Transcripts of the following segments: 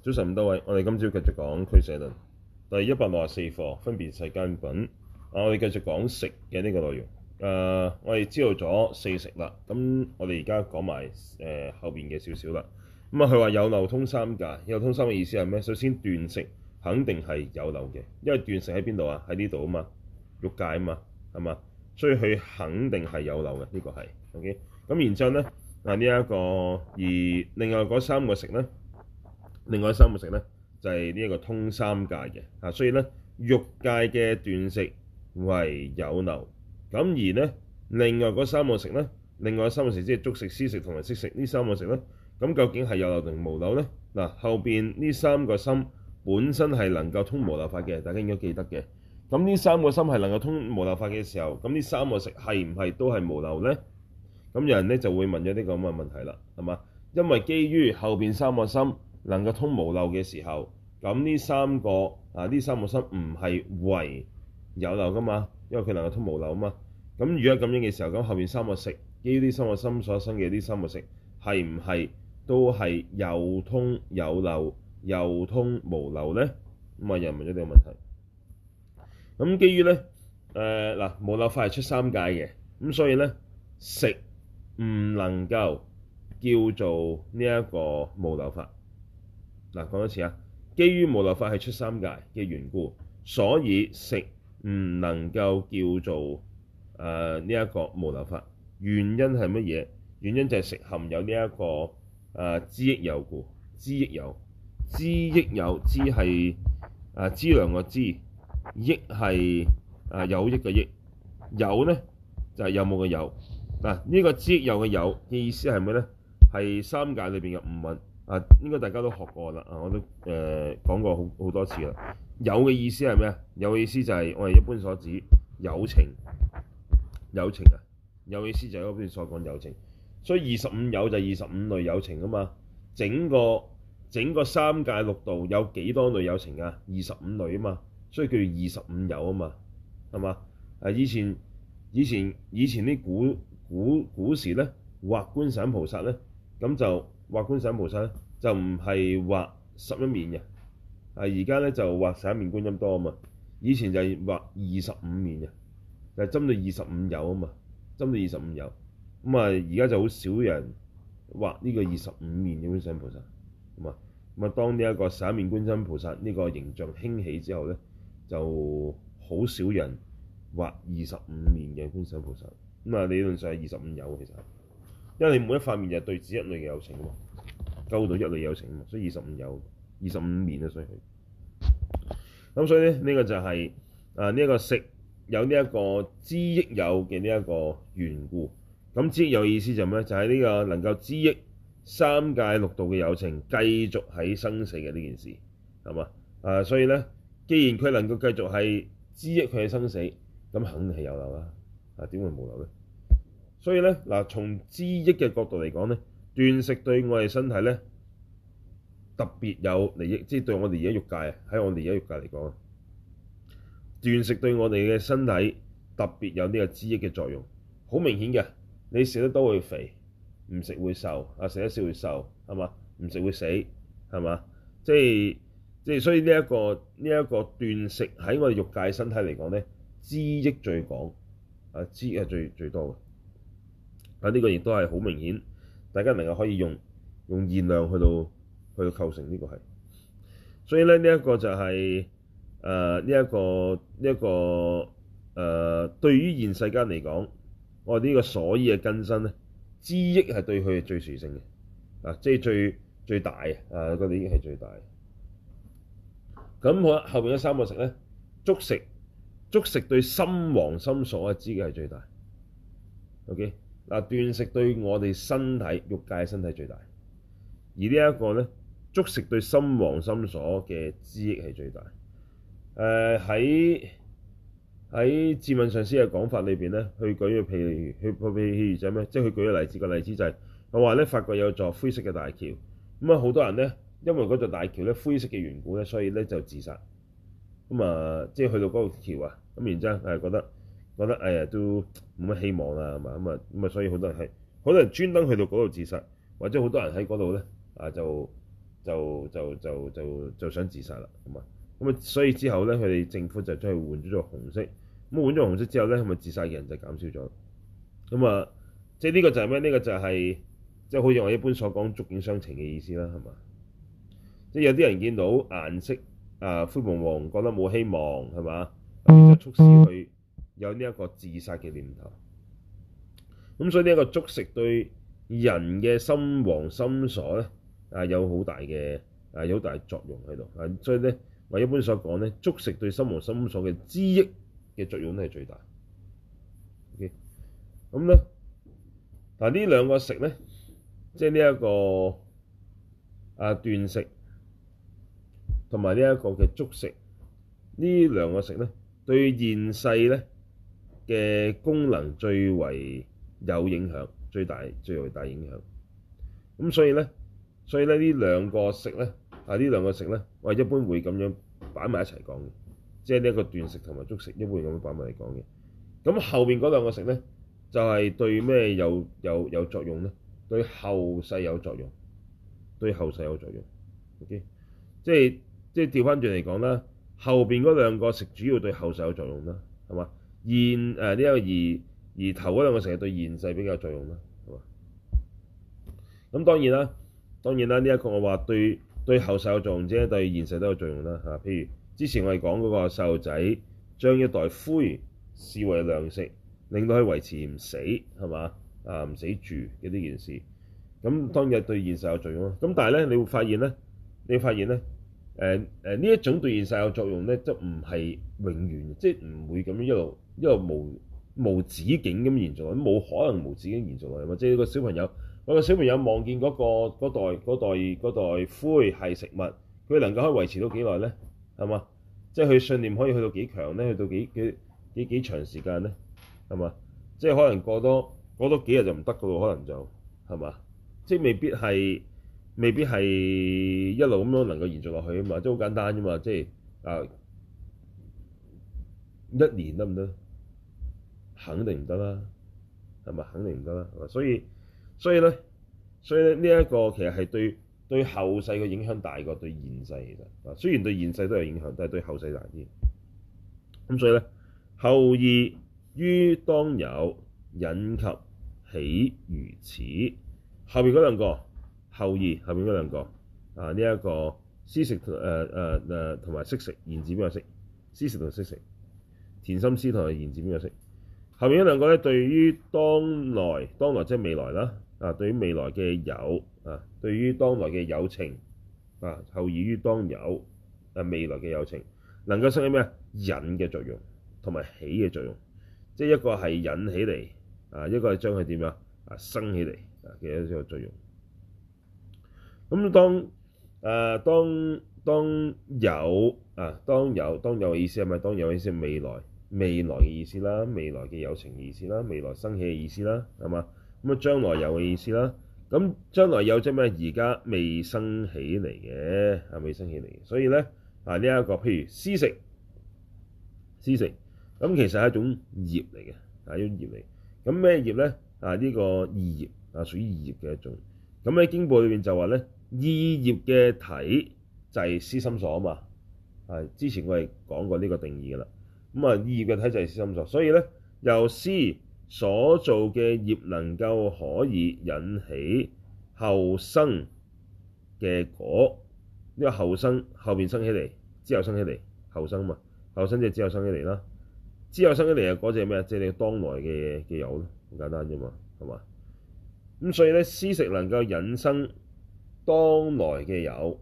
早晨，唔多位，我哋今朝繼續講俱舍論，第一百六十四課，分別世間品，啊、我哋繼續講食嘅呢個內容。誒、呃，我哋知道咗四食啦，咁我哋而家講埋誒後邊嘅少少啦。咁、嗯、啊，佢話有漏通三界，有漏通三嘅意思係咩？首先段食肯定係有漏嘅，因為段食喺邊度啊？喺呢度啊嘛，欲界啊嘛，係嘛？所以佢肯定係有漏嘅，呢、這個係。OK，咁然之後咧，嗱呢一個，而另外嗰三個食咧。另外三個食咧就係呢一個通三界嘅嚇、啊，所以咧欲界嘅段食為有漏，咁而咧另外嗰三個食咧，另外三個食即係觸食、思食同埋識食呢三個食咧，咁究竟係有漏定無漏咧？嗱、啊，後邊呢三個心本身係能夠通無漏法嘅，大家應該記得嘅。咁呢三個心係能夠通無漏法嘅時候，咁呢三個食係唔係都係無漏咧？咁有人咧就會問咗啲咁嘅問題啦，係嘛？因為基於後邊三個心。能夠通無漏嘅時候，咁呢三個啊，呢三個心唔係為有漏噶嘛，因為佢能夠通無漏啊嘛。咁如果咁樣嘅時候，咁後面三個食，基於呢三個心所生嘅呢三個食，係唔係都係又通有漏、又通無漏咧？咁啊，又問咗呢個問題。咁基於咧，誒、呃、嗱，無漏法係出三界嘅，咁所以咧食唔能夠叫做呢一個無漏法。嗱，講多次啊！基於無漏法係出三界嘅緣故，所以食唔能夠叫做誒呢一個無漏法。原因係乜嘢？原因就係食含有呢、這、一個誒資益有故，資、呃、益有，資益有，資係誒資糧個資，益係誒、啊、有益嘅益，有呢就係、是、有冇嘅有，有。嗱、啊，呢、這個資益有嘅有嘅意思係咩呢？係三界裏邊嘅五蘊。啊，應該大家都學過啦，啊，我都誒、呃、講過好好多次啦。有嘅意思係咩啊？有嘅意思就係我哋一般所指有情，有情啊，有嘅意思就係嗰邊所講有情。所以二十五有就二十五類有情啊嘛。整個整個三界六道有幾多類有情啊？二十五類啊嘛，所以叫二十五有啊嘛，係嘛？啊，以前以前以前啲古古古時咧畫觀世音菩薩咧，咁就畫觀世音菩薩。就唔係畫十一面嘅，啊而家咧就畫十一面觀音多啊嘛，以前就係畫二十五面嘅，就針對二十五有啊嘛，針對二十五有，咁啊而家就好少人畫呢個二十五面嘅觀世音菩薩，咁啊咁啊當呢一個十一面觀音菩薩呢個形象興起之後咧，就好少人畫二十五面嘅觀世音菩薩，咁啊理論上係二十五有，其實，因為你每一塊面就對住一類嘅有情啊嘛。溝到一類有情啊嘛，所以二十五有二十五年啊，所以咁所以咧呢個就係啊呢一個食有呢一個資益有嘅呢一個緣故。咁資益有意思就咩？就喺、是、呢個能夠資益三界六道嘅有情繼續喺生死嘅呢件事係嘛啊？所以咧，既然佢能夠繼續係資益佢嘅生死，咁肯定係有漏啦。啊，點會冇漏咧？所以咧嗱，從資益嘅角度嚟講咧。段食對我哋身體咧特別有利益，即、就、係、是、對我哋而家欲界喺我哋而家欲界嚟講，段食對我哋嘅身體特別有呢個資益嘅作用，好明顯嘅。你食得多會肥，唔食會瘦啊，食得少會瘦，係嘛？唔食會死，係嘛？即係即係，所以呢、這、一個呢一、這個段食喺我哋欲界身體嚟講咧，資益最廣啊，資益係最最多嘅啊。呢個亦都係好明顯。大家明噶，可以用用現量去到去到構成呢、這個係，所以咧呢一、這個就係誒呢一個呢一個誒對於現世間嚟講，我哋呢個所依嘅根身咧，資益係對佢係最殊勝嘅啊，即係最最大嘅啊，個利益係最大。咁我後邊有三個食咧，觸食觸食對心王心所嘅資益係最大。O K。嗱，段食對我哋身體欲界身體最大，而呢一個咧，觸食對心王心所嘅資益係最大在。誒喺喺智敏上師嘅講法裏邊咧，佢舉嘅譬，佢譬如就咩？即係佢舉咗例子，個例子就係，我話咧法國有座灰色嘅大橋，咁啊好多人咧，因為嗰座大橋咧灰色嘅緣故咧，所以咧就自殺。咁啊，即係去到嗰個橋啊，咁然之後係覺得。.覺得哎呀，都冇乜希望啦，係嘛？咁啊，咁啊，所以好多人係好多人專登去到嗰度自殺，或者好多人喺嗰度咧啊，就就就就就就想自殺啦，咁啊咁啊，所以之後咧，佢哋政府就將佢換咗做紅色，咁啊換咗紅色之後咧，咁咪自殺嘅人就減少咗，咁啊即係呢個就係咩？呢個就係即係好似我一般所講觸景傷情嘅意思啦，係嘛？即係有啲人見到顏色啊灰黃黃，覺得冇希望係嘛，咁就促使佢。有呢一個自殺嘅念頭，咁所，所以呢一個觸食對人嘅心王心所咧啊有好大嘅啊有好大作用喺度啊，所以咧我一般所講咧觸食對心王心所嘅資益嘅作用咧係最大的。O K，咁咧嗱呢兩個食咧，即係呢一個啊段食同埋呢一個嘅觸食，呢兩個食咧對現世咧，嘅功能最為有影響，最大最為大影響。咁所以咧，所以咧呢兩個食咧，啊呢兩個食咧，我係一般會咁樣擺埋一齊講嘅，即係呢一個段食同埋觸食，一般咁樣擺埋嚟講嘅。咁後邊嗰兩個食咧，就係對咩有有有作用咧？對後世有作用，對後世有作用。Okay，即係即係調翻轉嚟講啦，後邊嗰兩個食主要對後世有作用啦，係嘛？現誒呢一個而而頭嗰兩個成日對現世比較有作用啦，好啊。咁當然啦，當然啦，呢、這、一個我話對對後世有作用，即係對現世都有作用啦。嚇、啊，譬如之前我哋講嗰個細路仔將一袋灰視為糧食，令到佢維持唔死，係嘛啊唔死住嘅呢件事。咁當然係對現世有作用啦。咁但係咧，你會發現咧，你會發現咧，誒誒呢一種對現世有作用咧，即唔係永遠，即係唔會咁樣一路。因為無無止境咁延續，都冇可能無止境延續落去。即係個小朋友，嗰個小朋友望見嗰個嗰袋嗰袋袋灰係食物，佢能夠可以維持到幾耐咧？係嘛？即係佢信念可以去到幾強咧？去到幾佢幾幾幾長時間咧？係嘛？即係可能過多過多幾日就唔得噶咯，可能就係嘛？即係未必係未必係一路咁樣能夠延續落去啊嘛！即係好簡單啫嘛！即係啊，一年得唔得？肯定唔得啦，係咪？肯定唔得啦，係咪？所以，所以咧，所以咧，呢、這、一個其實係對對後世嘅影響大過對現世。其實啊，雖然對現世都有影響，但係對後世大啲。咁所以咧，後二於當有，引及起如此。後邊嗰兩個後二，後邊嗰兩個啊，呢、這、一個思食誒誒誒，同埋識食言字邊個識？思食同識食，田、呃、心、呃呃、思同埋言字邊個識？後面一兩個咧，對於當來、當來即係未來啦，啊，對於未來嘅有啊，對於當來嘅有情啊，後二於當有啊，未來嘅有情能夠生起咩啊？引嘅作用同埋起嘅作用，即係一個係引起嚟啊，一個係將佢點樣啊生起嚟啊，嘅一個作用。咁當誒、啊、當當有啊，當有當有嘅意思係咪當有嘅意思係未來？未來嘅意思啦，未來嘅友情嘅意思啦，未來生起嘅意思啦，係嘛？咁啊，將來有嘅意思啦，咁將來有即咩？而家未生起嚟嘅係未生起嚟嘅。所以咧，啊，呢一個譬如私食私食咁，其實係一種業嚟嘅，係一種業嚟，咁咩業咧啊？呢、這個意業啊，屬於意業嘅一種。咁喺經部裏面就話咧，意業嘅體就係私心所啊嘛，係之前我係講過呢個定義啦。咁啊，業嘅體就係思心所，所以咧由思所做嘅業，能夠可以引起後生嘅果。呢個後生後面生起嚟，之後生起嚟，後生嘛，後生即係之後生起嚟啦。之後生起嚟嘅果即係咩？即係你當來嘅嘅有咯，好簡單啫嘛，係嘛？咁所以咧，思食能夠引生當來嘅有。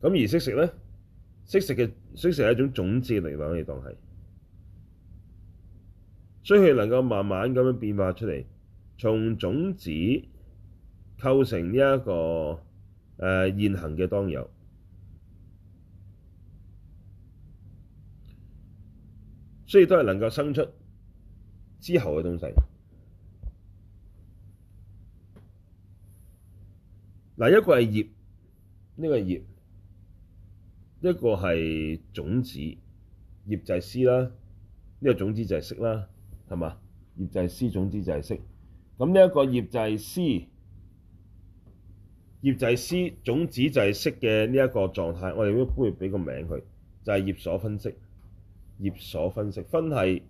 咁而識食呢，識食嘅識食係一種種子嘅力量嚟，當係，所以佢能夠慢慢咁樣變化出嚟，從種子構成呢一個誒現行嘅當有，所以都係能夠生出之後嘅東西。嗱，一個係葉，呢個係葉。一個係種子業祭師啦，呢個種子就係色啦，係嘛？業祭師種子就係色，咁呢一個業祭師、業祭師種子就係色嘅呢一個狀態，我哋一般會俾個名佢，就係、是、業所熏識、業所熏識、熏係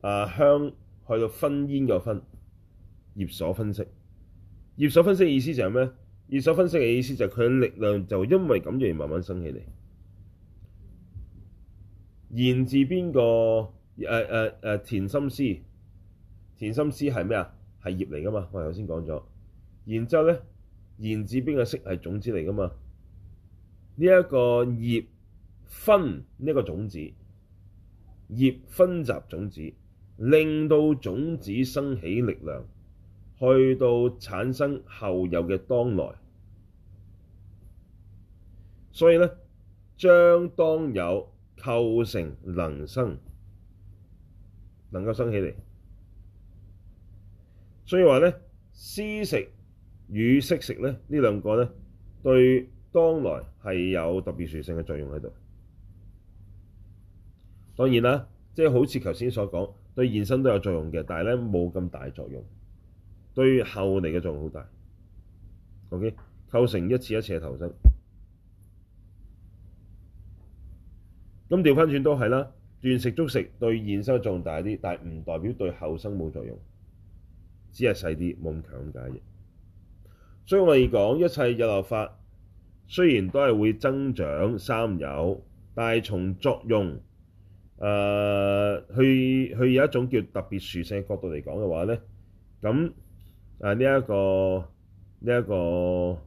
啊，香去到熏煙嘅熏，業所熏識、業所熏識嘅意思就係咩？業所熏識嘅意思就係佢嘅力量就因為咁樣，而慢慢升起嚟。言字邊個，誒誒誒，田心思田心思係咩啊？係業嚟噶嘛？我頭先講咗，然之後咧言字邊個識係種子嚟噶嘛？呢、這、一個業熏呢個種子，業熏集種子，令到種子生起力量，去到產生後有嘅當來，所以咧將當有。構成能生，能夠生起嚟，所以話咧，思食與識食咧，這兩呢兩個咧，對當來係有特別殊勝嘅作用喺度。當然啦，即、就、係、是、好似頭先所講，對現生都有作用嘅，但係咧冇咁大作用，對後嚟嘅作用好大。O.K. 構成一次一次嘅投生。咁調翻轉都係啦，段食觸食對現生作用大啲，但係唔代表對後生冇作用，只係細啲，冇咁強解嘅。所以我哋講一切有漏法，雖然都係會增長三有，但係從作用誒、呃、去去有一種叫特別殊勝角度嚟講嘅話咧，咁啊呢一個呢一個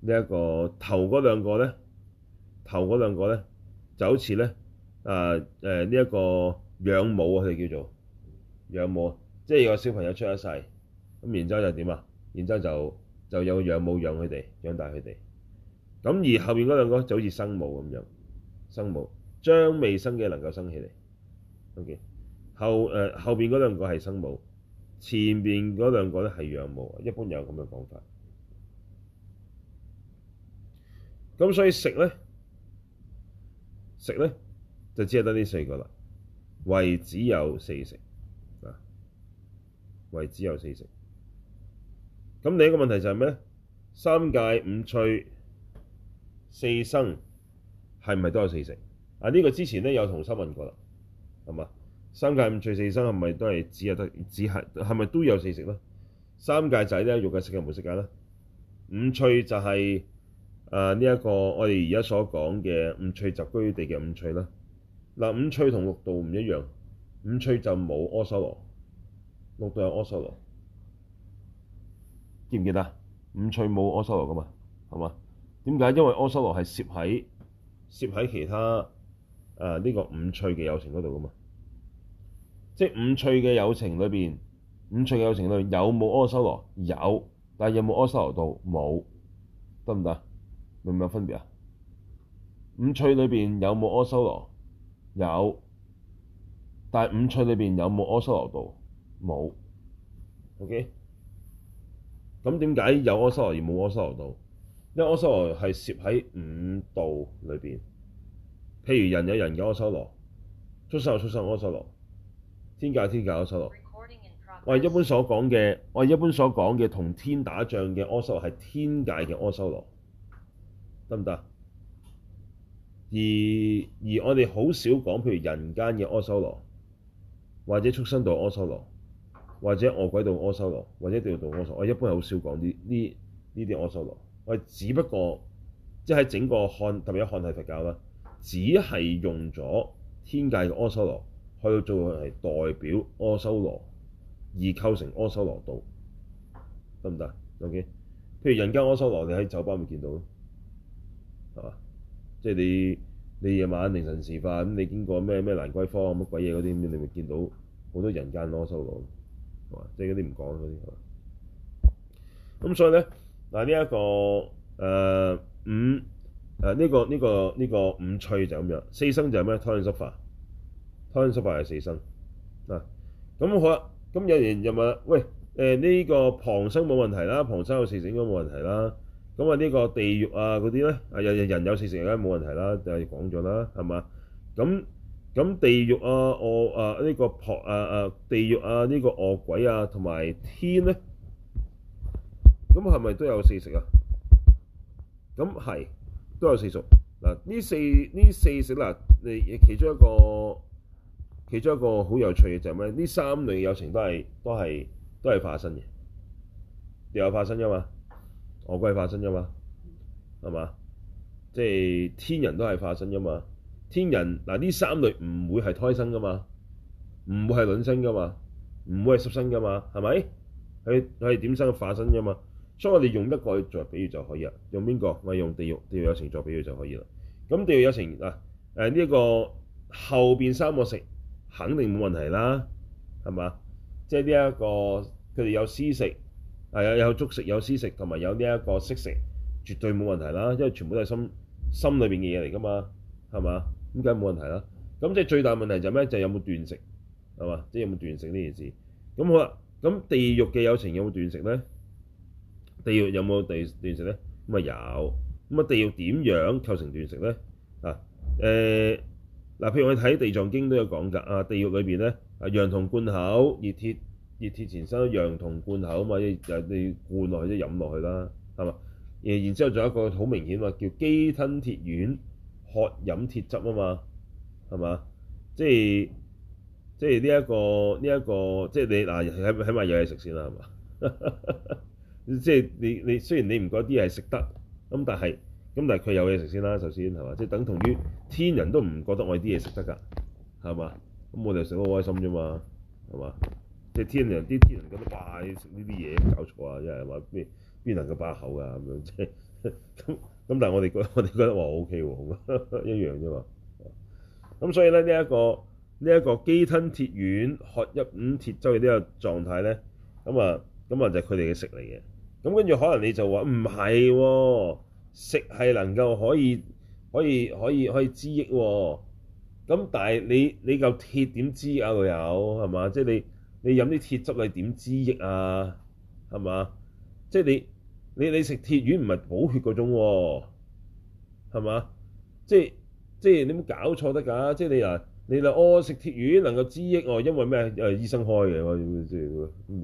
呢一個頭嗰兩個咧，頭嗰兩個咧。就好似咧，啊誒呢一個養母，佢哋叫做養母，即係有小朋友出一世，咁然之後就點啊？然之後就就有養母養佢哋，養大佢哋。咁而後邊嗰兩個就好似生母咁樣，生母將未生嘅能夠生起嚟。OK，後誒、呃、後邊嗰兩個係生母，前邊嗰兩個咧係養母，一般有咁嘅講法。咁所以食咧。食咧就只係得呢四個啦，唯只有四食。啊，唯只有四食。咁另一個問題就係咩咧？三界五趣四生係咪都有四食？啊，呢個之前咧有同新問過啦，係嘛？三界五趣四生係咪都係只係得只係係咪都有四食咧？三界仔咧肉嘅食嘅冇食嘅啦，五趣就係、是。啊！呢一個我哋而家所講嘅五趣集居地嘅五趣啦。嗱，五趣同六道唔一樣，五趣就冇阿修羅，六道有阿修羅。記唔記得？五趣冇阿修羅噶嘛，係嘛？點解？因為阿修羅係攝喺攝喺其他啊呢個五趣嘅有情嗰度噶嘛。即五趣嘅有情裏邊，五趣嘅有情裏邊有冇阿修羅？有，但係有冇阿修羅道？冇，得唔得？明唔明有分別啊？五趣裏邊有冇阿修羅？有，但係五趣裏邊有冇阿修羅道？冇。OK，咁點解有阿修羅而冇阿修羅道？因為阿修羅係攝喺五道裏邊。譬如人有人嘅阿修羅，畜生有畜生阿修羅，天界天界阿修羅。我哋一般所講嘅，我哋一般所講嘅同天打仗嘅阿修羅係天界嘅阿修羅。得唔得？而而我哋好少講，譬如人間嘅阿修羅，或者畜生道阿修羅，或者惡鬼道阿修羅，或者地獄道阿修羅，我一般好少講呢呢呢啲阿修羅。我只不過即係整個漢特別係漢地佛教咧，只係用咗天界嘅阿修羅去做係代表阿修羅，而構成阿修羅道，得唔得？OK，譬如人間阿修羅，你喺酒吧咪見到咯？即係你你夜晚凌晨時分，咁你經過咩咩蘭桂坊，乜鬼嘢嗰啲，咁你咪見到好多人間囉嗦咯，係嘛？即係嗰啲唔講嗰啲係嘛？咁所以咧，嗱呢一個誒、呃、五誒呢、啊這個呢、這個呢、這個五趣就咁樣，四生就係咩胎卵濕化，胎卵濕化係四生嗱。咁、啊、好啦，咁有人又問喂誒呢、呃這個旁生冇問題啦，旁生有四生應該冇問題啦。咁啊，呢個地獄啊嗰啲咧，啊人人有四食梗係冇問題啦，就係講咗啦，係嘛？咁咁地獄啊惡啊呢個撲啊啊地獄啊呢個惡鬼啊同埋天咧，咁係咪都有四食啊？咁係都有四熟嗱，呢四呢四食嗱，你其中一個其中一個好有趣嘅就係咩？呢三類有情都係都係都係化生嘅，又有化生噶嘛？我歸化生啫嘛，係嘛？即係天人都係化生啫嘛。天人嗱呢三類唔會係胎生噶嘛，唔會係卵生噶嘛，唔會係濕生噶嘛，係咪？佢佢係點生？化生啫嘛。所以我哋用一個作比喻就可以啦。用邊個？我哋用地獄地獄有情作比喻就可以啦。咁地獄有情啊？誒呢一個後邊三個食肯定冇問題啦，係嘛？即係呢一個佢哋有思食。係有，有觸食，有思食，同埋有呢一個識食，絕對冇問題啦，因為全部都係心心裏邊嘅嘢嚟㗎嘛，係嘛？咁梗係冇問題啦。咁即係最大問題就係咩？就有冇段食係嘛？即係有冇段食呢件事？咁好啦，咁地獄嘅有情有冇段食咧？地獄有冇地段食咧？咁啊有，咁啊地獄點樣構成段食咧？啊誒嗱，譬如我哋睇《地藏經》都有講㗎啊，地獄裏邊咧啊，烊銅灌口，熱鐵。熱鐵前身一樣同罐口啊嘛，你又你灌落去即係飲落去啦，係嘛？誒，然之後仲有一個好明顯嘛，叫饑吞鐵丸渴飲鐵汁啊嘛，係嘛？即係即係呢一個呢一個即係你嗱起起碼有嘢食先啦，係嘛？即係、這個這個、你即是你， 你，你雖然你唔覺得啲嘢食得咁，但係咁但係佢有嘢食先啦，首先係嘛？即係等同於天人都唔覺得我哋啲嘢食得㗎，係嘛？咁我哋食得好開心啫嘛，係嘛？即係天人啲天人咁樣哇！食呢啲嘢搞錯啊！即係話邊邊能夠把口噶咁樣，即係咁咁。但係我哋覺我哋覺得話 O K 喎，OK，啊、一樣啫嘛。咁、嗯、所以咧、這個，呢、這、一個呢一個飢吞鐵丸喝入咁鐵劑呢個狀態咧，咁啊咁啊就係佢哋嘅食嚟嘅。咁跟住可能你就話唔係喎，食係能夠可以可以可以可以資益喎、哦。咁、嗯、但係你你嚿鐵點資啊？佢有係嘛？即係你。你飲啲鐵汁你點滋益啊？係咪？即係你你你食鐵丸唔係補血嗰種喎、啊，係咪？即係即係你唔搞錯得㗎、啊。即係你呀，你話哦食鐵丸能夠滋益哦、啊，因為咩？因為醫生開嘅，咁、嗯嗯嗯、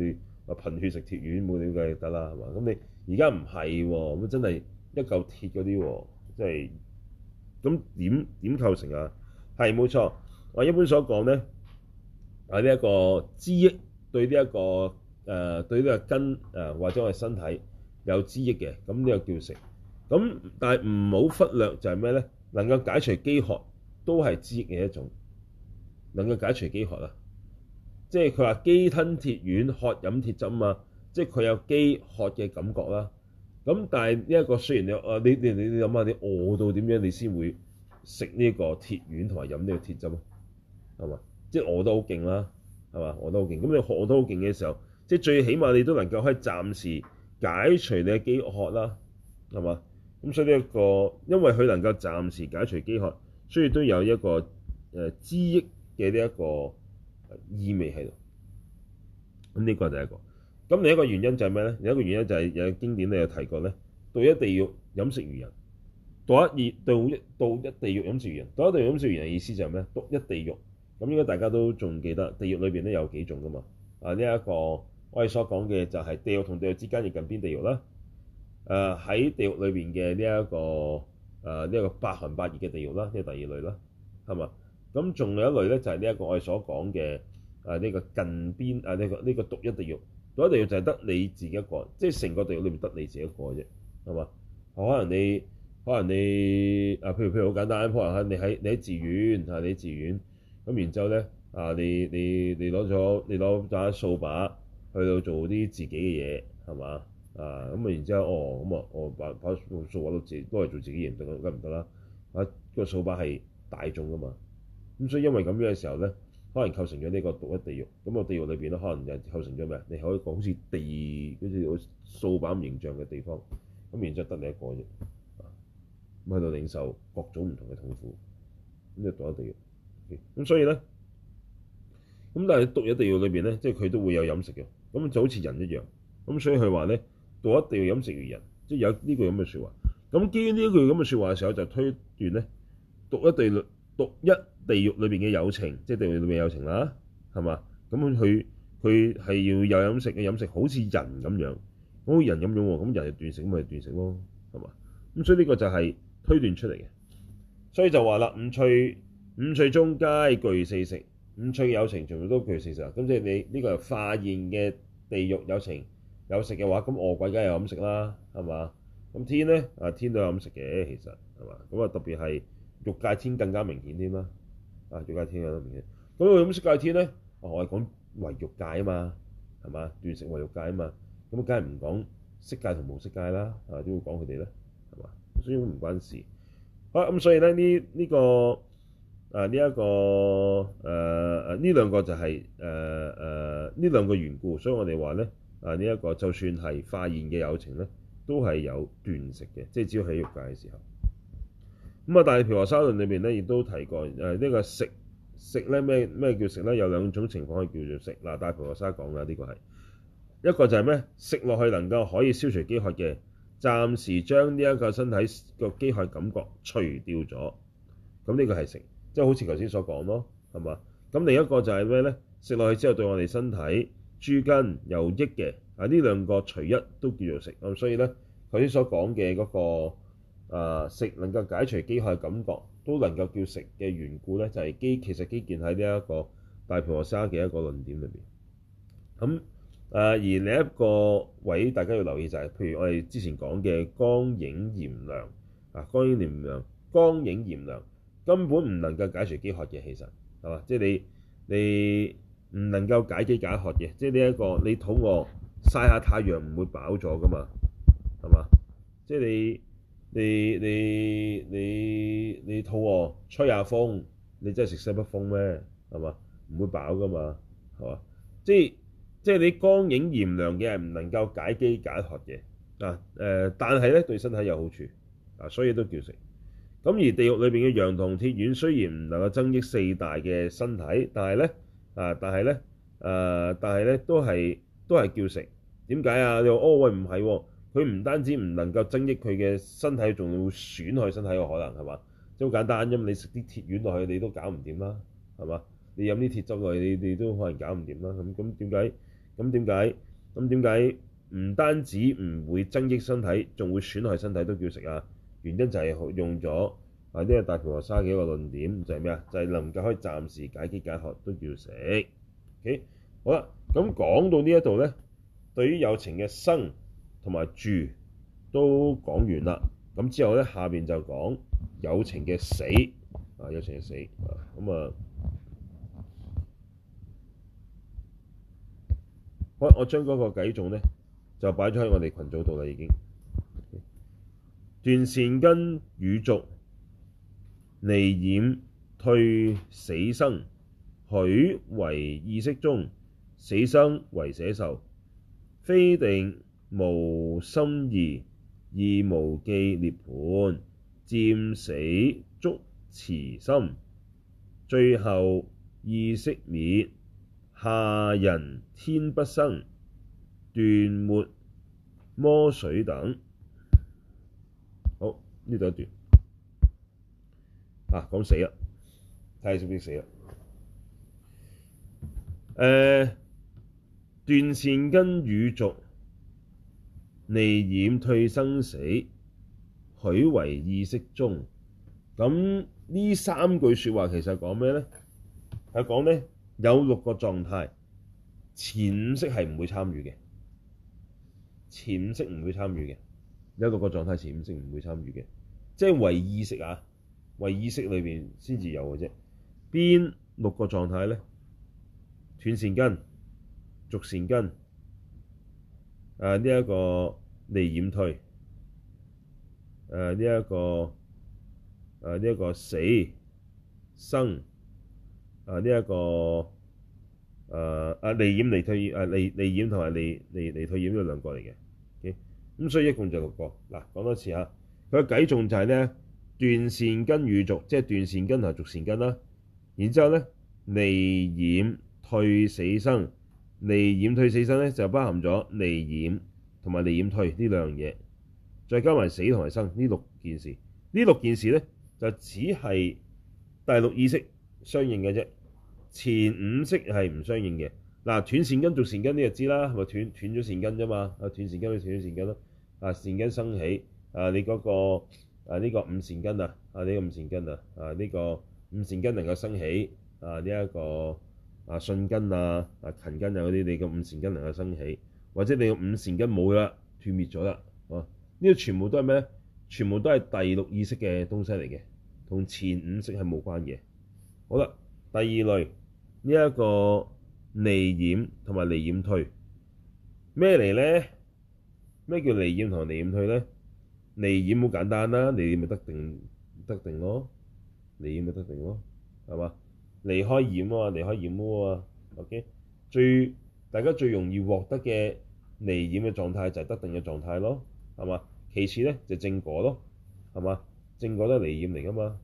你貧血食鐵丸冇點計得啦，係嘛？咁、嗯、你而家唔係喎，咁、嗯、真係一嚿鐵嗰啲喎，即係咁點點構成呀、啊？係冇錯，我一般所講呢。係呢一個資益，對呢、這、一個誒、呃、對呢個根誒、呃、或者我哋身體有資益嘅，咁呢個叫食。咁但係唔好忽略就係咩咧？能夠解除飢渴都係資益嘅一種，能夠解除飢渴啦。即係佢話飢吞鐵丸，渴飲鐵針啊。即係佢有飢渴嘅感覺啦。咁但係呢一個雖然你誒你你你你諗下，你餓到點樣，你先會食呢個鐵丸同埋飲呢個鐵針啊？係嘛？即係我都好勁啦，係嘛？我都好勁。咁你學我都好勁嘅時候，即係最起碼你都能夠喺暫時解除你嘅飢渴啦，係嘛？咁所以呢、這、一個，因為佢能夠暫時解除飢渴，所以都有一個誒資益嘅呢一個意味喺度。咁呢個係第一個。咁另一個原因就係咩咧？有一個原因就係有一個經典都有提過咧，獨一地獄飲食如人。獨一熱，獨一，獨一地獄飲食如人，獨一地獄飲食如人嘅意思就係咩？獨一地獄。咁應該大家都仲記得地獄裏面咧有幾種噶嘛？啊，呢一個我哋所講嘅就係地獄同地獄之間嘅近邊地獄啦。誒喺地獄裏面嘅呢一個誒呢一個八寒八熱嘅地獄啦，呢第二類啦，係嘛？咁仲有一類咧就係呢一個我哋所講嘅誒呢個近邊啊呢個呢個獨一地獄。獨一地獄就係得你自己一個，即係成個地獄裏面得你自己一個啫，係嘛？可能你可能你啊，譬如譬如好簡單，可能你喺你喺寺院你喺寺院。咁然之後咧，啊，你你你攞咗你攞把掃把去到做啲自己嘅嘢，係嘛啊？咁啊，然之後哦，咁啊，我把把掃把都自己都係做自己嘢唔得，梗唔得啦。啊，這個掃把係大眾噶嘛，咁所以因為咁樣嘅時候咧，可能構成咗呢個獨一地獄。咁個地獄裏邊咧，可能又構成咗咩？你可以講好似地，好似掃把形象嘅地方，咁然之後得你一個啫，啊，咁喺度領受各種唔同嘅痛苦，咁就獨一地獄。咁所以咧，咁但係獨一地獄裏邊咧，即係佢都會有飲食嘅，咁就好似人一樣。咁所以佢話咧，獨一地獄飲食如人，即係有呢句咁嘅說話。咁基於呢句咁嘅說話嘅時候，就推斷咧，獨一地獄獨一地獄裏邊嘅有情，即係地獄裏邊有情啦，係嘛？咁佢佢係要有飲食嘅，飲食好似人咁樣，好似人咁樣喎。咁人段食咁咪段食咯，係嘛？咁所以呢個就係推斷出嚟嘅。所以就話啦，五趣。五趣中皆具四食，五趣有情全部都具四食啊！咁即係你呢個化現嘅地獄有情有食嘅話，咁餓鬼梗係有咁食啦，係嘛？咁天咧啊，天都有咁食嘅，其實係嘛？咁啊，特別係欲界天更加明顯添啦，啊欲界天更加明顯。咁我咁色界天咧，啊，我係講唯欲界啊嘛，係嘛？斷食唯欲界啊嘛，咁梗係唔講色界同無色界啦，啊點會講佢哋咧？係嘛？所以唔關事。好，咁所以咧呢呢個。啊！呢一個誒誒呢兩個就係誒誒呢兩個緣故，所以我哋話咧啊！呢一個就算係化生嘅有情咧，都係有段食嘅，即係只要喺欲界嘅時候咁啊。《大毗婆沙論》裏面咧亦都提過誒呢個食食咧咩咩叫食咧？有兩種情況可以叫做食嗱。《大毗婆沙》講嘅呢個係一個就係咩食落去能夠可以消除飢渴嘅，暫時將呢一個身體個飢渴感覺除掉咗，咁呢個係食。即係好似頭先所講咯，係嘛？咁另一個就係咩咧？食落去之後對我哋身體諸根有益嘅，啊呢兩個隨一都叫做食。咁、嗯、所以咧，頭先所講嘅嗰個、啊、食能夠解除飢渴嘅感覺，都能夠叫食嘅緣故咧，就係、是、基其實基建喺呢一個大毗婆沙嘅一個論點裏面。咁、嗯啊、而另一個位置大家要留意就係、是，譬如我哋之前講嘅光影炎涼啊，光影炎涼，光影炎涼。根本唔能夠解除飢渴嘅，其實係嘛？即係你你唔能夠解飢解渴嘅，即係呢一個你肚餓曬下太陽唔會飽咗噶嘛，係嘛？即係你你你你你肚餓吹下風，你真係食西北風咩？係嘛？唔會飽噶嘛，係嘛？即係即係你光影炎涼嘅係唔能夠解飢解渴嘅嗱，誒，但係咧對身體有好處嗱，所以都叫食。咁而地獄裏面嘅烊銅鐵丸雖然唔能夠增益四大嘅身體，但係咧但係咧但係咧都係都係叫食。點解啊？你話哦喂，唔係喎，佢唔單止唔能夠增益佢嘅身體，仲會損害身體嘅可能係嘛？即係好簡單，因為你食啲鐵丸落去，你都搞唔掂啦，係嘛？你飲啲鐵汁落去，你你都可能搞唔掂啦。咁咁點解？咁點解？咁點解？唔單止唔會增益身體，仲會損害身體都叫食啊？原因就係用咗啊啲大毗婆沙嘅一個論點，就係咩啊？就係、是、能夠可以暫時解飢解渴都叫食。Okay? 好啦，咁講到呢一度咧，對於有情嘅生同埋住都講完啦。咁之後咧，下邊就講有情嘅死啊，有情嘅死。咁啊，啊好我將我將嗰個偈頌咧就擺咗喺我哋群組度啦，已經。斷善根與續，離染退死生，許唯意識中，死生唯捨受，非定無心二，二無記涅槃，漸死足臍心，最後意識滅，下人天不生，斷末摩水等。呢度一段，啊，講死啦，睇下識唔識死啦。誒、呃，斷善根與續離染退生死，許唯意識中。咁呢三句說話其實講咩咧？係講咧有六個狀態，前五識係係唔會參與嘅，前五識唔會參與嘅。一個個狀態，前五識唔會參與嘅，即係唯意識啊，唯意識裏面先至有嘅啫。邊六個狀態咧？斷善根、續善根、誒呢一個離染退、誒呢一個、呢、啊、一、這個、死生、誒呢一個、誒啊離染退、誒離離染同埋離離退染呢兩個嚟嘅。咁所以一共就六個，嗱，講多次嚇，佢嘅偈中就係、是、咧斷善根與續，即係斷善根同埋續善根啦。然之後咧離染退死生，離染退死生咧就包含咗離染同埋離染退呢兩樣嘢，再加埋死同埋生呢六件事，呢六件事咧就只係第六意識相應嘅啫，前五識係唔相應嘅。嗱，斷善根續善根你就知啦，係咪斷斷咗善根啫嘛，啊斷善根就斷善根咯。啊善根生起，你那個、啊你嗰個啊呢個五善根啊，啊、這、呢個五善根啊，啊、這、呢個五善根能夠生起，啊呢一、這個啊信根啊、啊勤根啊啲，你個五善根能夠生起，或者你個五善根冇啦，斷滅咗啦，哦、啊，呢個全部都係咩？全部都係第六意識嘅東西嚟嘅，同前五識係冇關嘅。好啦，第二類、這個、呢一個離染同埋離染退，咩嚟咧？咩叫離染同離染去咧？離染好簡單啦，啊，離染咪得定得定咯，離染咪得定咯，係嘛？離開染啊嘛，離開染污，啊、O.K. 最大家最容易獲得嘅離染嘅狀態就係得定嘅狀態咯，係嘛？其次咧就是，正果咯，係嘛？正果都係離染嚟噶嘛。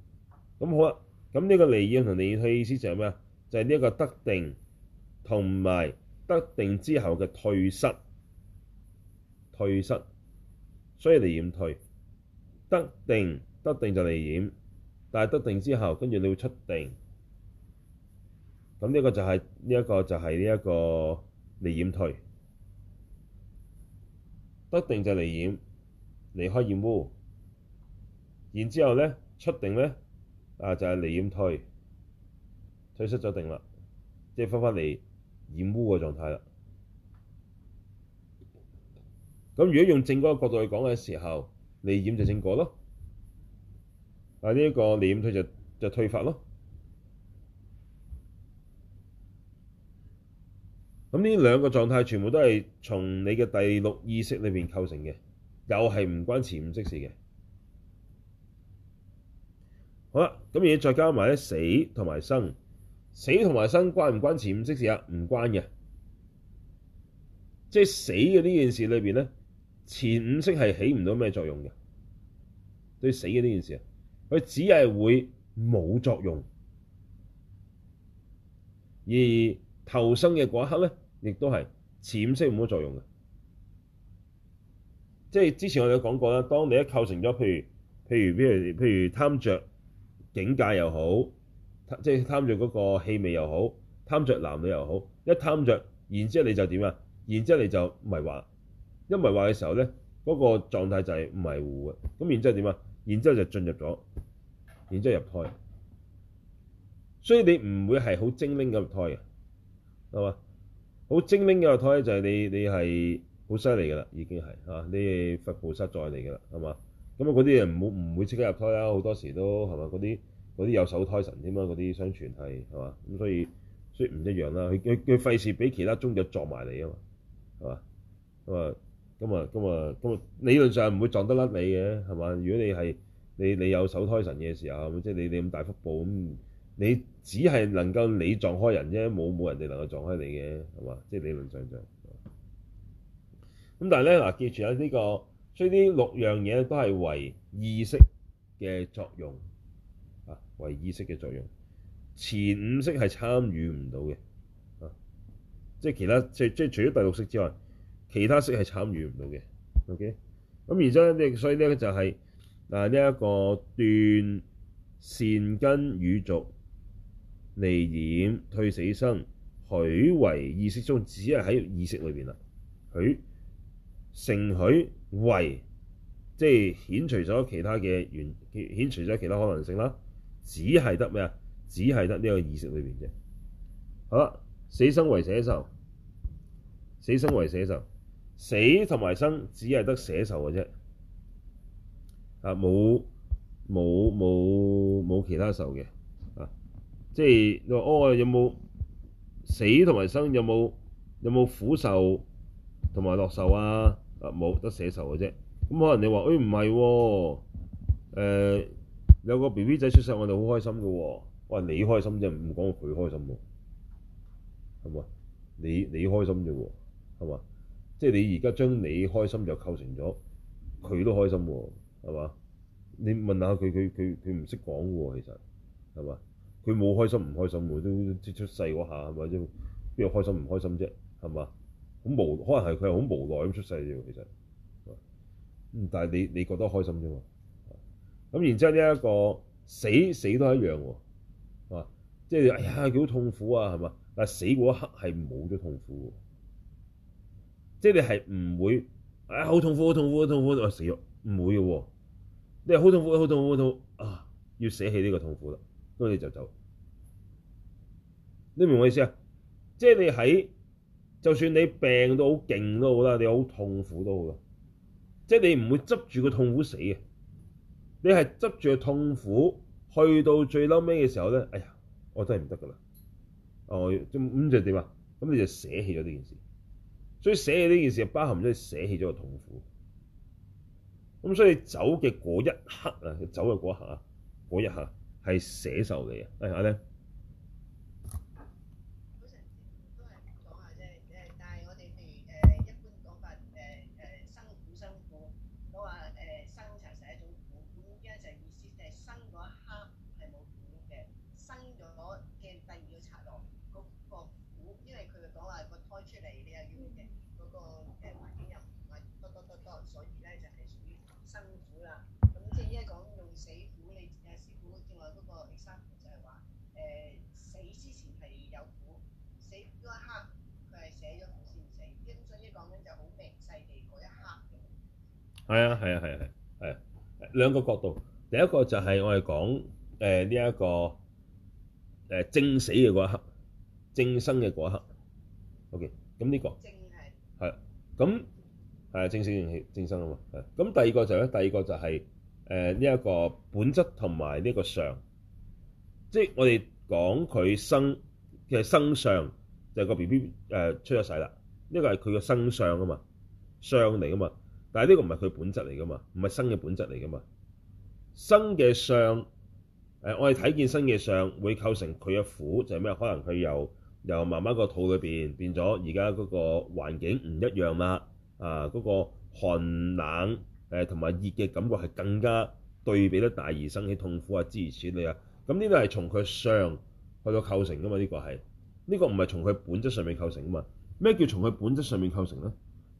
咁好啦，啊，咁呢個離染同離染去意思就係咩啊？就係、是，呢個得定同埋得定之後嘅退失。退失，所以離染退，得定得定就離染，但係得定之後，跟住你會出定，咁呢個就係呢一個就係呢一個離染退，得定就離染，離開染污，然之後咧出定咧啊就係、是、離染退，退出咗定啦，即係翻翻嚟染污嘅狀態啦。咁如果用正果嘅角度去講嘅時候，離染就正果咯。啊呢一個離染退就就退法咯。咁呢兩個狀態全部都係從你嘅第六意識裏面構成嘅，又係唔關前五識事嘅。好啦，咁而家再加埋咧死同埋生，死同埋生關唔關前五識事啊？唔關嘅，即係死嘅呢件事裏邊咧。前五識係起唔到咩作用嘅，對死嘅呢件事啊，佢只係會冇作用，而投生嘅嗰一刻咧，亦都係前五識冇乜作用嘅。即係之前我有講過啦，當你一構成咗，譬如譬如譬如譬如貪著境界又好，即係貪著嗰個氣味又好，貪著男女又好，一貪著，然之後你就點啊？然之後你就咪話。因為話嘅時候咧，嗰、嗰個狀態就係迷糊嘅。咁然之後點啊？然之後就進入咗，然之後入胎。所以你唔會係好精明咁入胎嘅，係嘛？好精明嘅入胎就係你你係好犀利嘅啦，已經係嚇，你係佛菩薩再嚟嘅啦，係嘛？咁啊嗰啲人唔好唔會即刻入胎啦，好多時都係嘛？嗰啲啲有守胎神添啊，嗰啲相傳係係嘛？咁所以所以唔一樣啦，佢佢佢費事俾其他宗教撞埋你啊嘛，係嘛？咁啊～咁啊，咁啊，咁啊，理論上唔會撞得甩你嘅，係嘛？如果你係你你有守胎神嘅時候，即係你你咁大福報，咁你只係能夠你撞開人啫，冇冇人哋能夠撞開你嘅，係嘛？即係理論上就咁但係咧，嗱，記住啊，呢個所以呢六樣嘢都係唯意識嘅作用，啊，唯意識嘅作用，前五識係參與唔到嘅，啊，即係其他即即係除咗第六識之外。其他色係參與唔到嘅，OK。咁然之後所以呢，就係嗱呢一個斷善根與續，離染退，死生，許唯意識中，只係喺意識裏面啦。許成許唯即係顯除咗其他嘅原顯除咗其他可能性啦，只係得咩啊？只係得呢個意識裏面啫。好啦，死生唯捨受，死生唯捨受。死同埋生只係得捨受嘅啫，啊冇冇冇冇其他受嘅啊！即係你話哦，有冇死同埋生有冇有冇苦受同埋樂受啊？啊冇得捨受嘅啫。咁可能你話誒唔係喎，誒有個 B B 仔出世，我哋好開心嘅喎，哦。我、呃、你開心啫，唔講佢開心喎，係咪？你你開心啫喎，係嘛？即係你而家將你開心就構成咗，佢都開心喎，係嘛？你問下佢，佢佢佢唔識講喎，其實係嘛？佢冇開心唔開心喎，都即出世嗰下係咪啫？邊有開心唔開心啫？係嘛？好無，可能係佢係好無奈咁出世嘅喎，其實咁，但係你你覺得開心啫嘛？咁然之後呢一個死死都係一樣喎，係嘛？即係哎呀，幾痛苦啊，係嘛？但係死嗰一刻係冇咗痛苦。即係你係唔會啊，好痛苦好痛苦好痛苦啊死咗，唔會嘅喎，你係好痛苦好痛苦好痛苦啊，要捨棄呢個痛苦啦，咁你就走，你明唔明我意思啊？即係你喺就算你病到好勁都好啦，你好痛苦都好啦，即係你唔會執住個痛苦死嘅，你係執住個痛苦去到最嬲尾嘅時候咧，哎呀我真係唔得噶啦，哦，咁就點啊？咁你就捨棄咗呢件事。所以捨棄呢件事包含咗你捨棄咗個痛苦。咁所以走嘅嗰一刻走嘅嗰下，嗰一下，係捨受嚟。啊，係啊。係啊，係啊，係啊，係，啊。兩、啊、個角度。第一個就係我哋講誒呢一個誒正、呃、死嘅嗰一刻，正生嘅嗰一刻。OK，咁呢、這個係，咁係正，是、啊啊、正死正氣正生啊嘛。係，咁第二個就咧，第二個就係誒呢一個本質同埋呢個相，即係我哋講佢生嘅生相，就係、是、個 B B 誒出咗世啦。呢、呃這個係佢嘅生相啊嘛，相嚟啊嘛。但係呢個唔係佢本質嚟噶嘛，唔係生嘅本質嚟噶嘛。生嘅相，誒，我哋睇見生嘅相會構成佢嘅苦，就係、是、咩？可能佢由由媽媽個肚裏邊變咗而家嗰個環境唔一樣啦，啊，嗰、那個寒冷誒同埋熱嘅感覺係更加對比得大而生起痛苦啊，諸如此類啊。咁呢個係從佢相去到構成噶嘛？呢、這個係呢、這個唔係從佢本質上面構成噶嘛？咩叫從佢本質上面構成咧？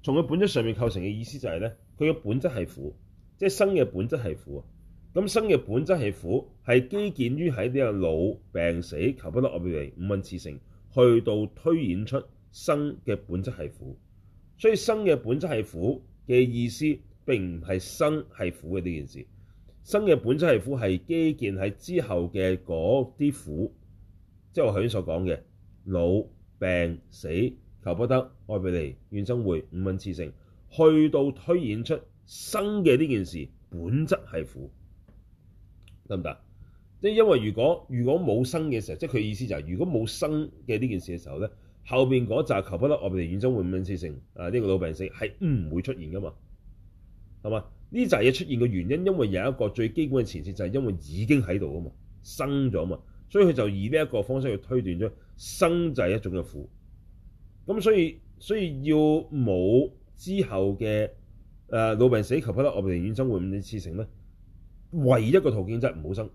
從佢本質上面構成嘅意思就係咧，佢嘅本質係苦，即係生嘅本質係苦啊。咁生嘅本質係苦，係基建於喺呢個、老病死、求不得、我業嚟、五蘊熾盛，去到推演出生嘅本質係苦。所以生嘅本質係苦嘅意思並唔係生係苦嘅呢件事，生嘅本質係苦係基建喺之後嘅嗰啲苦，即係我頭先所講嘅老病死。求不得，愛別離，怨憎會，五蘊熾盛，去到推演出生嘅呢件事，本質係苦，得唔得？即係因為如果如果冇生嘅時候，即係佢意思就係如果冇生嘅呢件事嘅時候咧，後邊嗰集求不得、愛別離、怨憎會、五蘊熾盛啊呢個老病死係唔會出現噶嘛，係嘛？呢集嘢出現嘅原因，因為有一個最基本嘅前提就係因為已經喺度啊嘛，生咗啊嘛，所以佢就以呢一個方式去推斷咗「生就係一種嘅苦」。咁所以所以要冇之後嘅誒老病死求不得，我哋寧願生活五年次成咩？唯一個途徑即係唔好生，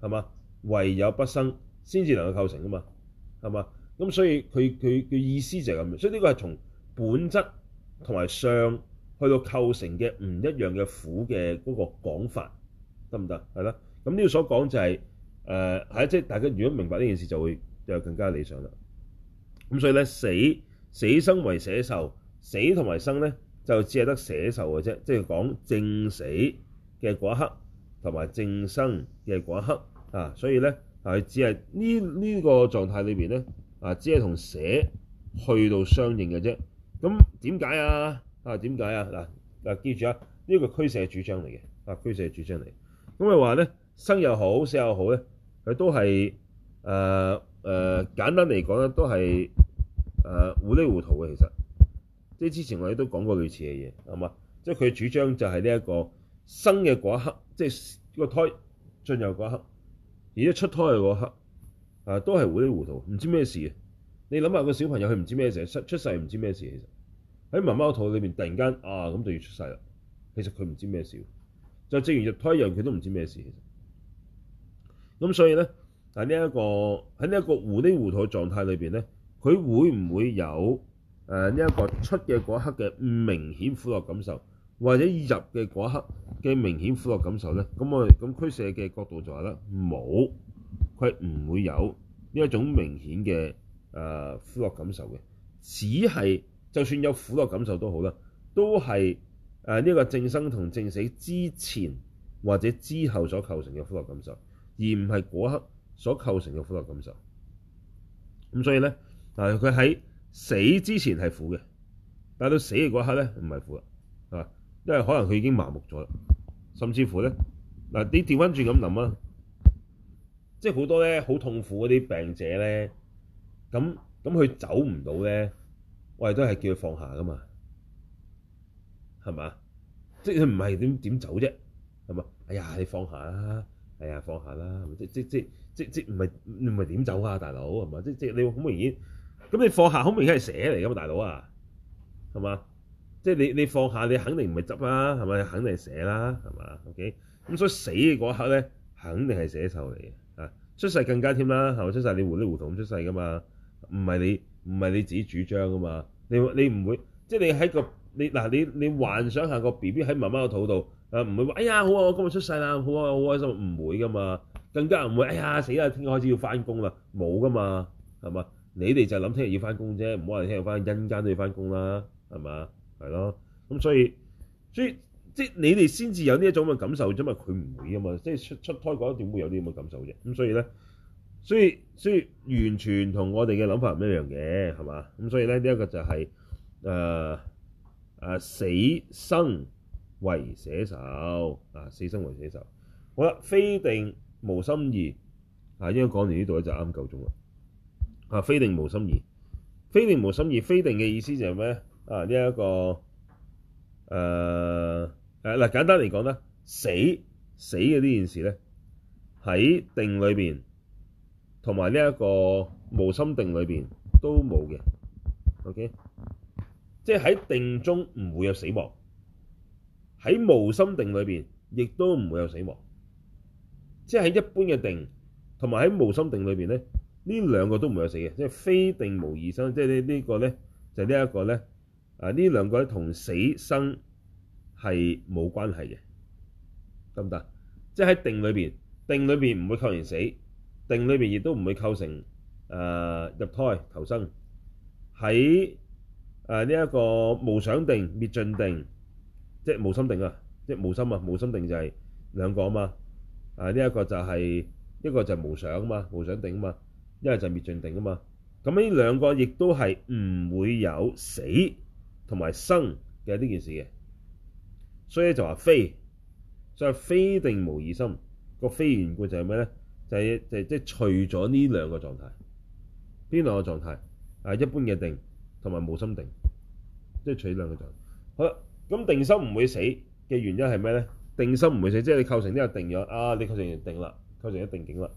係嘛？唯有不生先至能夠構成噶嘛，係嘛？咁所以佢佢佢意思就係咁樣，所以呢個係從本質同埋相去到構成嘅唔一樣嘅苦嘅嗰個講法得唔得？係啦，咁呢個所講就係誒係即係大家如果明白呢件事就，就會就更加理想啦。咁所以咧，死死生唯捨受，死同埋生咧，就只係得捨受嘅啫，即係講正死嘅嗰一刻，同埋正生嘅嗰一刻啊，所以咧，係只係呢呢個狀態裏邊咧，啊，只係同捨去到相應嘅啫。咁點解啊？啊點解啊？嗱嗱、啊啊啊啊，記住啊，呢、呢個俱舍主張嚟嘅，啊俱舍主張嚟。咁咪話咧，生又好，死又好咧，佢都係誒。呃誒、呃、簡單嚟講咧，都係誒、呃、糊裏糊塗嘅，其實即係之前我哋都講過類似嘅嘢，係嘛？即係佢嘅主張就係呢一個生嘅嗰一刻，即、就、係、是、個胎進入嗰一刻，而且出胎嘅嗰一刻，呃、都係糊裏糊塗唔知咩事啊！你諗下、個小朋友，佢唔知咩事，出出世唔知咩事，其實喺媽媽肚裏面，突然間啊咁就要出世啦，其實佢唔知咩事，就正如入胎一樣，佢都唔知咩事，其實咁所以咧。但呢、這、一個喺呢一個糊里糊塗嘅狀態裏邊咧，佢會唔會有誒呢一個出嘅嗰刻嘅唔明顯苦樂感受，或者入嘅嗰刻嘅明顯苦樂感受咧？咁我咁俱舍嘅角度就係、是、咧，冇，佢唔會有呢一種明顯嘅誒、呃、苦樂感受嘅，只係就算有苦樂感受都好啦，都係誒呢個正生同正死之前或者之後所構成嘅苦樂感受，而唔係嗰刻。所構成嘅苦樂感受，咁所以咧嗱，佢喺死之前係苦嘅，但到死嘅嗰一刻咧唔係苦啦，啊，因為可能佢已經麻木咗啦，甚至乎咧嗱，你調翻轉咁諗啊，即係好多咧好痛苦嗰啲病者咧，咁咁佢走唔到咧，我哋都係叫佢放下噶嘛，係嘛？即佢唔係點點走啫？係嘛？哎呀，你放下啦，哎呀放下啦，即即即。即即唔係唔係點走啊，大佬係嘛？即即你好明顯咁你放下好明顯係捨嚟噶嘛，大佬啊係嘛？即你你放下你肯定唔係執啦，係咪、okay？肯定係捨啦，係嘛？OK 咁所以死嘅嗰一刻咧，肯定係捨受嚟嘅啊！出世更加添啦，係咪出世你糊裡糊塗咁出世噶嘛？唔係你唔係你自己主張噶嘛？你你唔會即你喺個你嗱你你，你幻想下個 B B 喺媽媽個肚度啊，唔會話哎呀好啊，我今日出世啦，好啊，好，啊好開心，唔會噶嘛。更加唔會，哎呀死啦！聽日開始要翻工啦，冇噶嘛，係嘛？你哋就諗聽日要翻工啫，唔好話聽日翻，陰間都要翻工啦，係嘛？係咯，咁所以所以即係你哋先至有呢一種嘅感受啫嘛，佢唔會噶嘛，即係出出胎嗰點會有啲咁嘅感受啫。咁所以咧，所以所以，所以完全同我哋嘅諗法唔一樣嘅，係嘛？咁所以咧，呢、這、一個就係誒誒死生唯捨受啊，死生唯捨受。好啦，非定。無心二啊，因為講完呢度咧就啱夠鐘啦。啊，非定無心二，非定無心二，非定嘅意思就係咩咧？啊，呢、這、一個誒誒，嗱、呃啊，簡單嚟講咧，死死嘅呢件事咧，喺定裏邊，同埋呢一個無心定裏邊都冇嘅。OK，即係喺定中唔會有死亡，喺無心定裏邊亦都唔會有死亡。即係喺一般嘅定，同埋喺無心定裏邊咧，呢兩個都唔會有死嘅，即係非定無心二生。即係呢呢個咧就係呢一個咧啊，呢兩個咧同死生係冇關係嘅，得唔得？即係喺定裏邊，定裏邊唔會構成死，定裏邊亦都唔會構成誒、呃、入胎投生喺誒呢一個無想定、滅盡定，即係無心定啊，即係無心啊，無心定就係兩個啊嘛。啊！呢、這個就是，一個就係一個就係無想嘛，無想定嘛，一係就滅盡定嘛。咁呢兩個亦都係唔會有死同埋生嘅呢件事嘅。所以就話非，所以「非定無心二。個非原故就係咩咧？就係、是、就即、是、係、就是、除咗呢兩個狀態。邊兩個狀態？啊，一般嘅定同埋無心定，即、就、係、是、除兩個狀態。好啦，咁定心唔會死嘅原因係咩咧？定心唔會死，即係你構成呢個定咗啊！你構成完定啦，構成咗定境啦。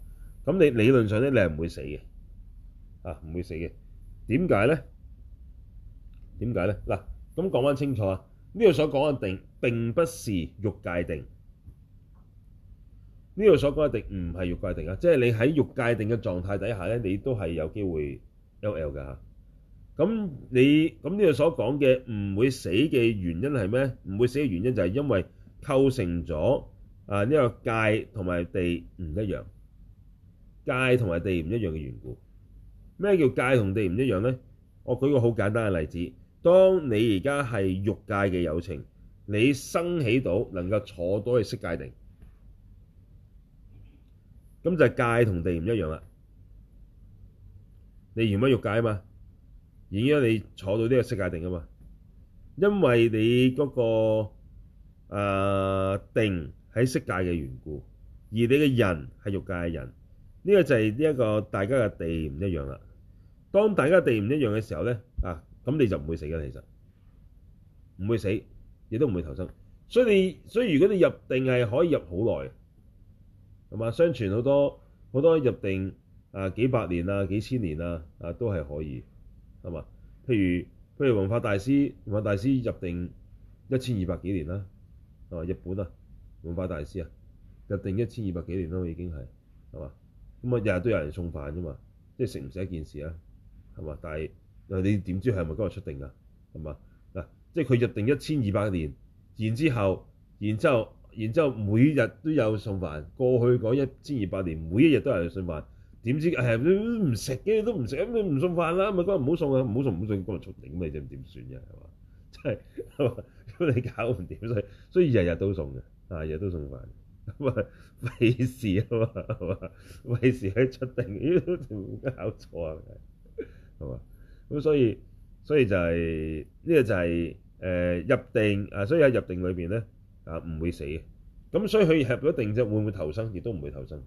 咁你理論上咧，你係唔會死嘅啊，唔會死嘅。點解咧？點解咧？嗱，咁講翻清楚啊！呢度所講嘅定並不是欲界定，呢度所講嘅定唔係欲界定啊。即係你喺欲界定嘅狀態底下咧，你都係有機會 L L 嘅嚇。咁你咁呢度所講嘅唔會死嘅原因係咩？唔會死嘅原因就係因為。構成咗啊！呢個界同埋地唔一樣，界同埋地唔一樣嘅緣故。咩叫界同地唔一樣咧？我舉個好簡單嘅例子，當你而家係欲界嘅有情，你生起到能夠坐到去色界定，咁就係界同地唔一樣啦。你原本欲界啊嘛？然之後你坐到呢個色界定啊嘛，因為你嗰個。啊！Uh, 定喺色界嘅緣故，而你嘅人係欲界嘅人，呢、這個就係呢一個大家嘅地唔一樣啦。當大家地唔一樣嘅時候咧，啊咁你就唔會死嘅，其實唔會死，亦都唔會投生。所以你所以如果你入定係可以入好耐，係嘛？相傳好多好多入定啊，幾百年啊，幾千年啊，啊都係可以係嘛？譬如譬如文化大師、文化大師入定一千二百幾年啦。日本啊，文化大師啊，入定一千二百幾年啦，已經係係嘛？咁啊日日都有人送飯啫嘛，即係食唔食一件事啊，係嘛？但係你點知係咪嗰日出定㗎？係嘛，嗱，即係佢入定一千二百年，然之後，然之後，然之後，每日都有送飯。過去嗰一千二百年，每一日都有人送飯。點知係唔食嘅都唔食，咁你唔送飯啦，咪講唔好送啊，唔好送，唔好送，今日出定你咩啫？點算啫？係嘛？即係咁，你搞唔掂，所以所以日日都送嘅，啊日日都送飯，咁啊費事啊嘛，係嘛，費事喺出定，點搞錯啊？係嘛，咁所以所以就係呢個就係誒入定啊，所以喺、就是這個就是呃、入定裏邊咧啊唔會死嘅，咁所以佢入咗定之後會唔會投生？亦都唔會投生，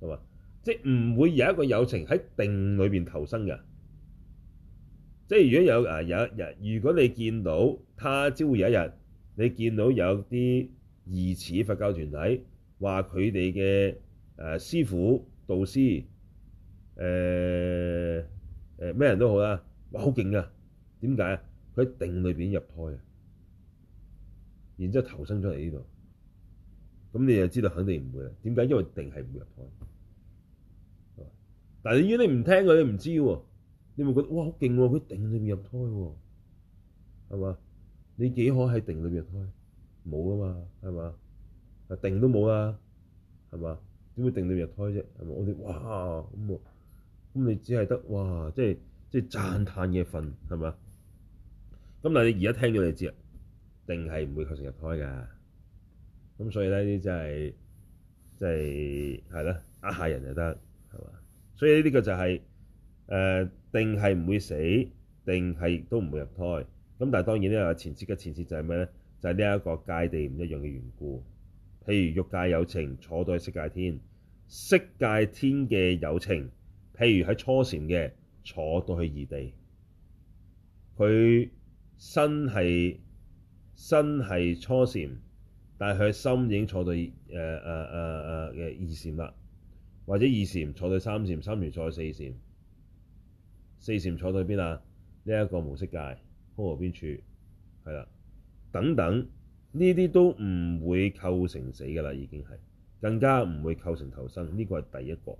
係嘛？即係唔會有一個有情喺定裏邊投生嘅。即係如果有啊，有一日，如果你見到他朝有一日你見到有啲疑似佛教團體話佢哋嘅誒師傅、導師、誒誒咩人都好啦，話好勁噶，點解啊？佢喺定裏邊入胎啊，然之後投生咗嚟呢度，咁你就知道肯定唔會啦。點解？因為定係唔會入胎，但係如果你唔聽佢，你唔知喎。你咪覺得哇好勁喎！佢定裏面入胎喎，係嘛？你幾可喺定裏面入胎？冇啊嘛，係嘛？啊定都冇啦，係嘛？點會定裏面入胎啫？係嘛？我哋哇咁啊，咁你只係得哇，即係即係讚歎嘅份，係嘛？咁但係你而家聽咗你知啊，定係唔會確實入胎㗎。咁所以咧，呢啲就係即係係啦，呃下人就得，係嘛？所以呢個就係。呃、定係唔會死，定係都唔會入胎。咁但係當然呢個前節嘅前節就係咩咧？就係呢一個界地唔一樣嘅緣故。譬如欲界有情坐到去色界天，色界天嘅有情，譬如喺初禪嘅坐到去二地，佢身係身係初禪，但係佢心已經坐到誒誒誒誒嘅二禪啦，或者二禪坐到三禪，三禪坐到四禪。四禪坐對邊啊？呢、這、一個無色界空無邊處係啦，等等呢啲都唔會構成死㗎啦，已經係更加唔會構成投生。呢個係第一個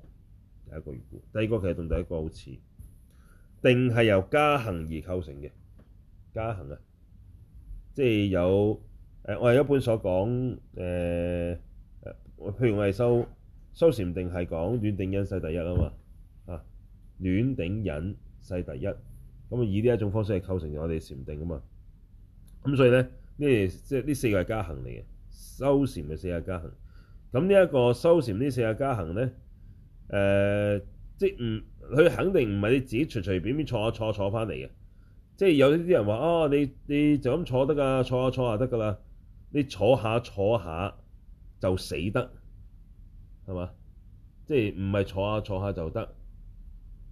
第一個預估，第二個其實同第一個好似，定係由加行而構成嘅加行啊，即係有誒、呃，我哋一般所講誒誒、呃，譬如我哋修修禪定係講暖頂忍世第一啊嘛啊暖頂忍。世第一，咁啊以呢一種方式係構成咗我哋禪定噶嘛，咁所以咧，呢即係呢四個係加行嚟嘅，修禪嘅四個加行，咁呢一個修禪呢四個加行咧，誒、呃、即係唔佢肯定唔係你自己隨隨便便坐下坐下坐翻嚟嘅，即係有啲人話哦，你你就咁坐得㗎，坐下坐下得㗎啦，你坐下坐下就死得係嘛，即係唔係坐下坐下就得。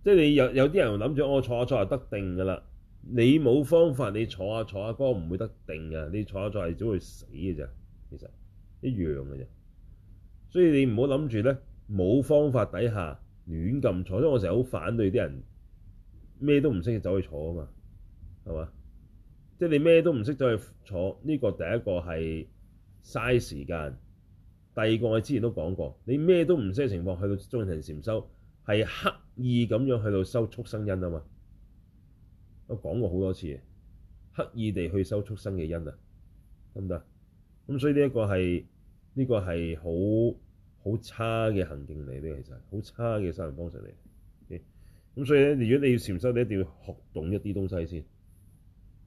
即係你有有啲人諗住我坐下坐下得定㗎啦，你冇方法你坐下坐下哥哥，你坐下坐下哥唔會得定㗎，你坐下坐係只會死㗎啫，其實一樣㗎啫。所以你唔好諗住咧冇方法底下亂咁坐，因為我成日好反對啲人咩都唔識走去坐啊嘛，係嘛？即係你咩都唔識走去坐，呢個第一個係嘥時間，第二個我之前都講過，你咩都唔識嘅情況去到中庭禪修。係刻意咁樣去到收畜生因啊嘛，我講過好多次，刻意地去收畜生嘅因啊，得唔得？咁所以呢一個係呢、呢個係好好差嘅行徑嚟，呢其實好差嘅修行方式嚟。咁所以咧，如果你要禪修，你一定要學懂一啲東西先，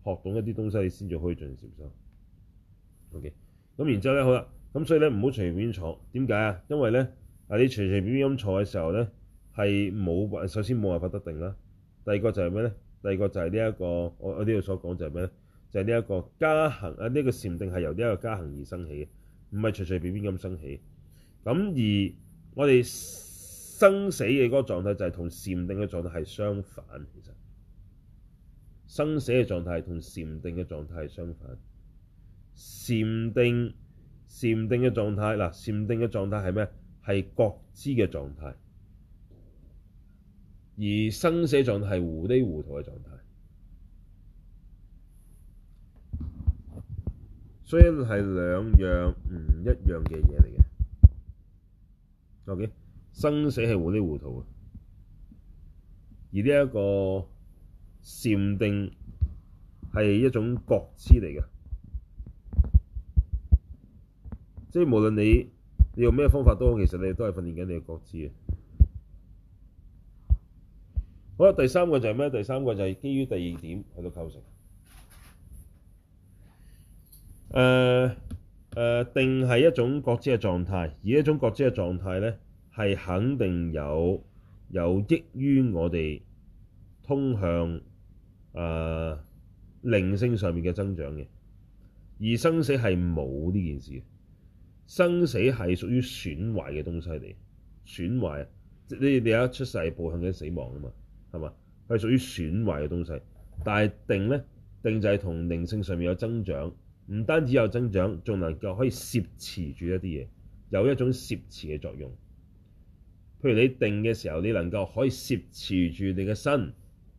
學懂一啲東西你先至可以進行禪修。O K，咁然之後咧，好啦，咁所以咧唔好隨便坐。點解啊？因為咧，啊你隨隨便便咁坐嘅時候咧。係冇，首先冇辦法得定啦。第二個就係咩咧？第二個就係呢一個，我我呢度所講就係咩咧？就係呢一個加行啊，呢個禪定係由呢一個加行而生起嘅，唔係隨隨，隨，隨，隨，隨，隨隨便便咁生起。咁而我哋生死嘅嗰個狀態就係同禪定嘅狀態係相反。其實生死嘅狀態同禪定嘅狀態係相反。禪定，禪定嘅狀態嗱，禪定嘅狀態係咩？係覺知嘅狀態。而生死狀態係糊裡糊塗嘅狀態，所以係兩樣唔一樣嘅嘢嚟嘅。OK，生死係糊裡糊塗嘅，而呢一個禪定係一種覺知嚟嘅，即係無論你你用咩方法都好，其實你都係訓練緊你嘅覺知嘅。好啦，第三個就係咩？第三個就係基於第二點喺度構成、呃。誒、呃、誒、呃，定係一種覺知嘅狀態，而一種覺知嘅狀態咧，係肯定有有益於我哋通向誒、呃、靈性上面嘅增長嘅。而生死係冇呢件事的。生死係屬於損壞嘅東西嚟，損壞即係你一出世步向緊死亡啊嘛～係嘛？係屬於損壞嘅東西，但係定呢？定就係同靈性上面有增長，唔單止有增長，仲能夠可以攝持住一啲嘢，有一種攝持嘅作用。譬如你定嘅時候，你能夠可以攝持住你嘅身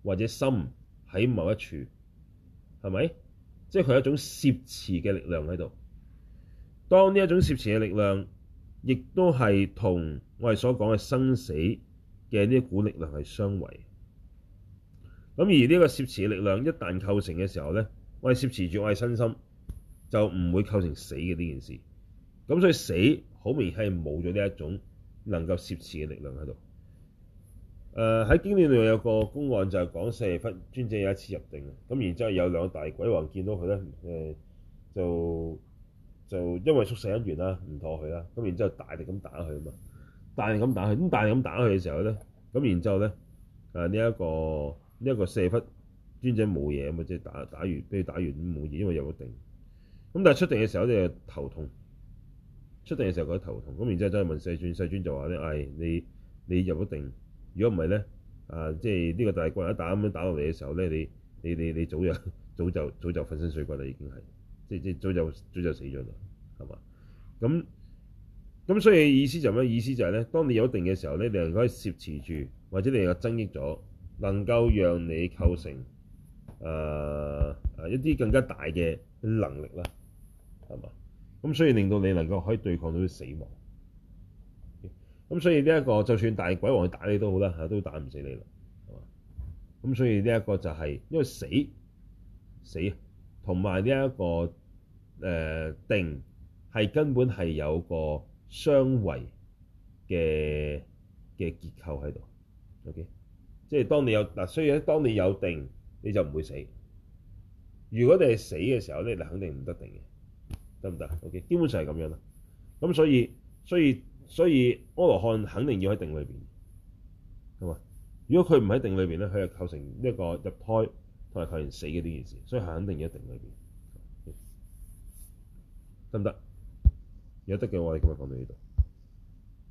或者心喺某一處，係咪？即係佢係一種攝持嘅力量喺度。當呢一種攝持嘅力量，亦都係同我哋所講嘅生死嘅呢一股力量係相違。咁而呢個攝持嘅力量一旦構成嘅時候咧，我係攝持住我係身心，就唔會構成死嘅呢件事。咁所以死好明顯係冇咗呢一種能夠攝持嘅力量喺度。誒、呃、喺經典裏面有個公案就係講舍利弗尊者有一次入定，咁然之後有兩個大鬼王見到佢咧、呃，就就因為宿世恩怨啦，唔妥佢啦，咁然之後大力咁打佢啊嘛，大力咁打佢，咁大力咁打佢嘅時候咧，咁然之後咧呢一、啊這個。一個舍利弗尊者冇嘢啊嘛，即係打打完，不如打完冇嘢，因為入咗定。咁但係出定嘅時候你就頭痛。出定嘅時候覺得頭痛，咁然之後走去問世尊，世尊就話咧，誒、哎，你你入咗定，如果唔係咧，啊，即係呢個大棍一打咁樣打落嚟嘅時候咧，你你你你早又早就早就粉身碎骨啦，已經係，即即早就早就死咗啦，係嘛？咁咁所以意思就咩意思就係、是、咧，當你有定嘅時候咧，你又可以攝持住，或者你又有增益咗。能夠讓你構成誒誒、呃、一啲更加大嘅能力啦，係嘛？咁所以令到你能夠可以對抗到死亡。咁、okay? 所以呢、這、一個就算大鬼王去打你都好啦，都打唔死你啦，係嘛？咁所以呢一個就係、是、因為死死同埋呢一個誒、呃、定係根本係有個相違嘅嘅結構喺度。O.K. 即係當你有嗱，所以咧，當你有定你就唔會死。如果你係死嘅時候咧，你肯定唔得定嘅，得唔得？OK，基本上係咁樣啦。咁所以，所以，所以，所以阿羅漢肯定要喺定裏面，係嘛？如果佢唔喺定裏面咧，佢係構成呢一個入胎同埋構成死嘅呢件事，所以肯定要喺定裏面。得唔得？有得嘅話，你今日講到呢度。